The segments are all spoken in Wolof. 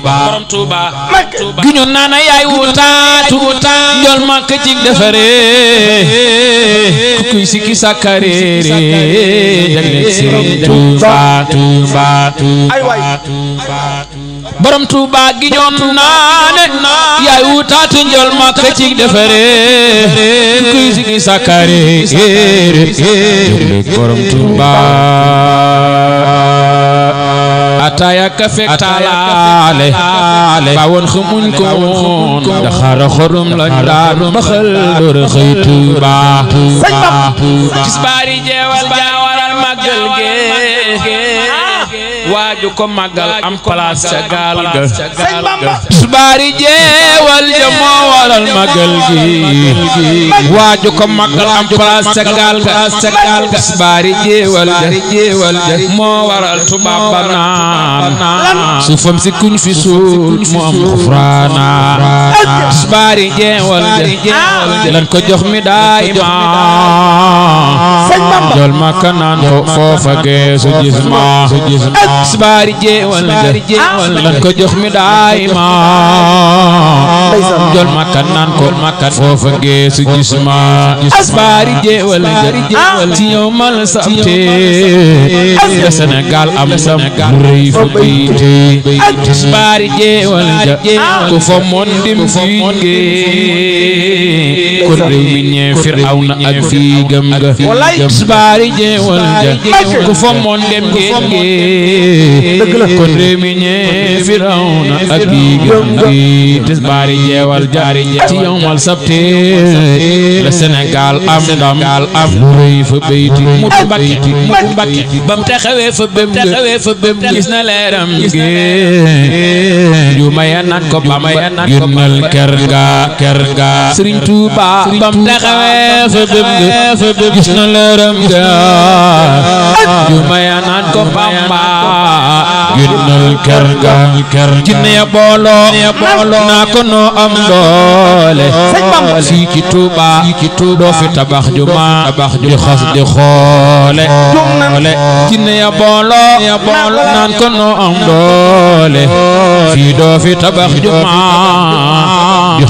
borom Touba gi ñu naan yaay wutaatu yool ma ka cig defaree kuy sikki sàkkaree jagleeg Sëriñ Touba Touba Touba borom Touba gi ñoon naane yaay wutaatu njol makk ci defare kuy sigi sakare borom Touba ataaya kafe taalaale baawoon xamuñ ko woon daxara xorom lañ daan maxal door xëy tuuba am place ca ga tisbaari jeewal ja ja moo waral tubaab ba naa suufam si kuñ fi lan ko jox daay ma jol makka naan ko makka foofa ngeesu gis ma asbaari jeewal jeewal ci yow mal sabte la Sénégal am sam mu rëy fa bayte asbaari jeewal jeewal ku fa mon dim fi nge kon réew mi ñee firaw na ak fii gëm nga isbaari jeewal nga ku fa moon dem géej kon réew mi ñee firaw na ak fii gëm nga tisbaari jeewal jaari ci yowmal sabte la Sénégal am ndam am lu rëy fa béyti mu bayti mu bayti bam taxawee fa bëm nga gis na leeram géej ju maya nan ko bambal gënal kër nga kër nga Sëriñ Tuuba suñ bam taxawee fa bëgg fa bëgg gis na lërëm ga yu maya naan ko bamba ginnal ker ga ginne ya booloo naa ko noo am doole fii ki tuuba doo fi tabax juma tabax ju xas di xoole ginne ya booloo naan ko noo am doole fii doo fi tabax juma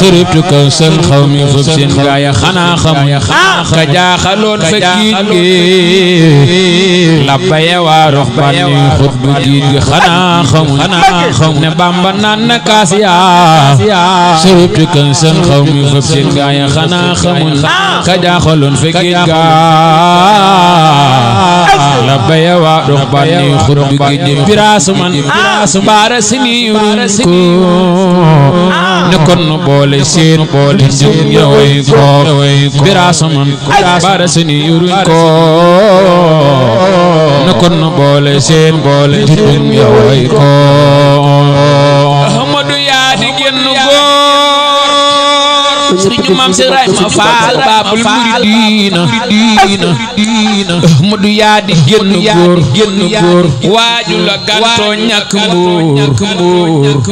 suribtu kawsal xawmi fubsin gaaya xanaa xamul ka jaaxaloon sa kiin gi labbaya waa roxban ni xutbu diin gi xanaa xamul ne bamba naan na kaas yaa suribtu kawsal xawmi fubsin gaaya xanaa xamul ka jaaxaloon labbaya waa dox bànni xuddu génne biraasu man ah! baara sini ko ah! ne kon nu boole seen boole seen ñëwee ko biraasu man baara sini yuruñ ko ne sëriñu maam Seex Ibrahima góor waaju la gàntoo ñàkk mbóor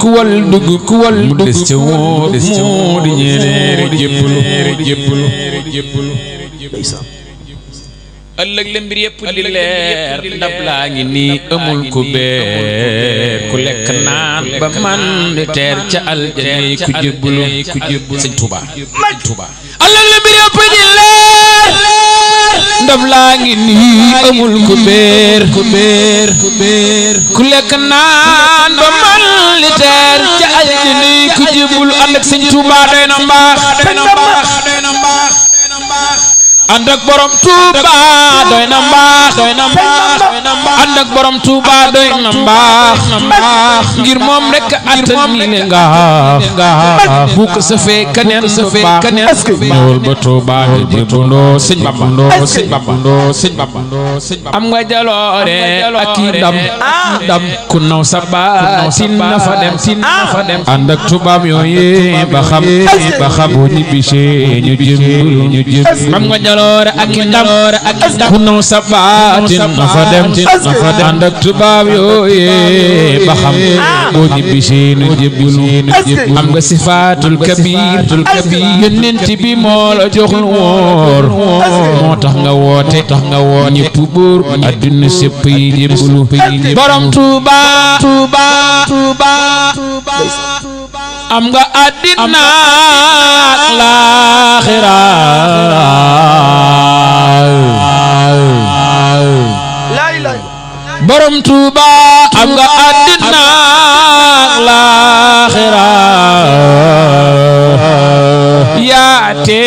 ku wal dugg ku wal mu des ca wóor moo di ñeeleere jébbalu jébbalu ëllëg la mbir yëpp di leer ndab laa ngi nii amul ku beer ku lekk naan ba man di teer ca aljana ku jébbalu ku jébbalu sëñ Touba Touba allah la leer ndab laa ngi nii amul ku beer ku beer ku lekk naan ba man di teer ca aljana ku jébbalu ànd ak sëñ na mbaax doy na mbaax ànd ak borom Touba doy na mbaax doy na mbaax ànd ak borom Touba doy na mbaax ngir moom rek attan li nga bu ko safee keneen lu baax ñëwal ba Touba di bundoo sëñ Bamba bundoo sëñ Bamba bundoo sëñ Bamba bundoo sëñ Bamba am nga jaloore ak i dam ah. dam ku naw sa baa sin na fa dem sin na ah. fa dem ànd ak tubaab yooyu ba xam ba xam bu ñibbisee ñu jëm ñu jëm njaloore ak i ndam ku naw sabaatin na fa dem ànd ak tubaab yooyee ba xam ah. boo ñibbisee nu jébbul am nga sifaatul kabiir yonent bi moo la jox lu wóor moo tax nga woote tax nga woote ñëpp buur adduna sépp yi jébbulu borom tuuba tuuba am nga addina laaxira borom Touba am nga àddina ak laaxira yaate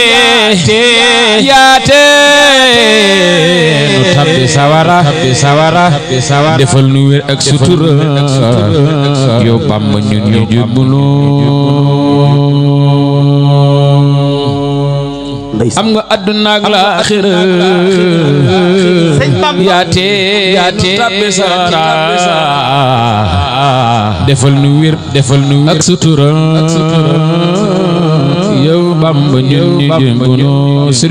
yaate nu tabbi sawara tabbi sawara defal nu wér ak sutura yow Bamba ñun ñu jublu xam nga adduna ak laaxira yaate yaate defal nu wér defal nu wér ak sutura yow Bamba ñun ñu jëm bu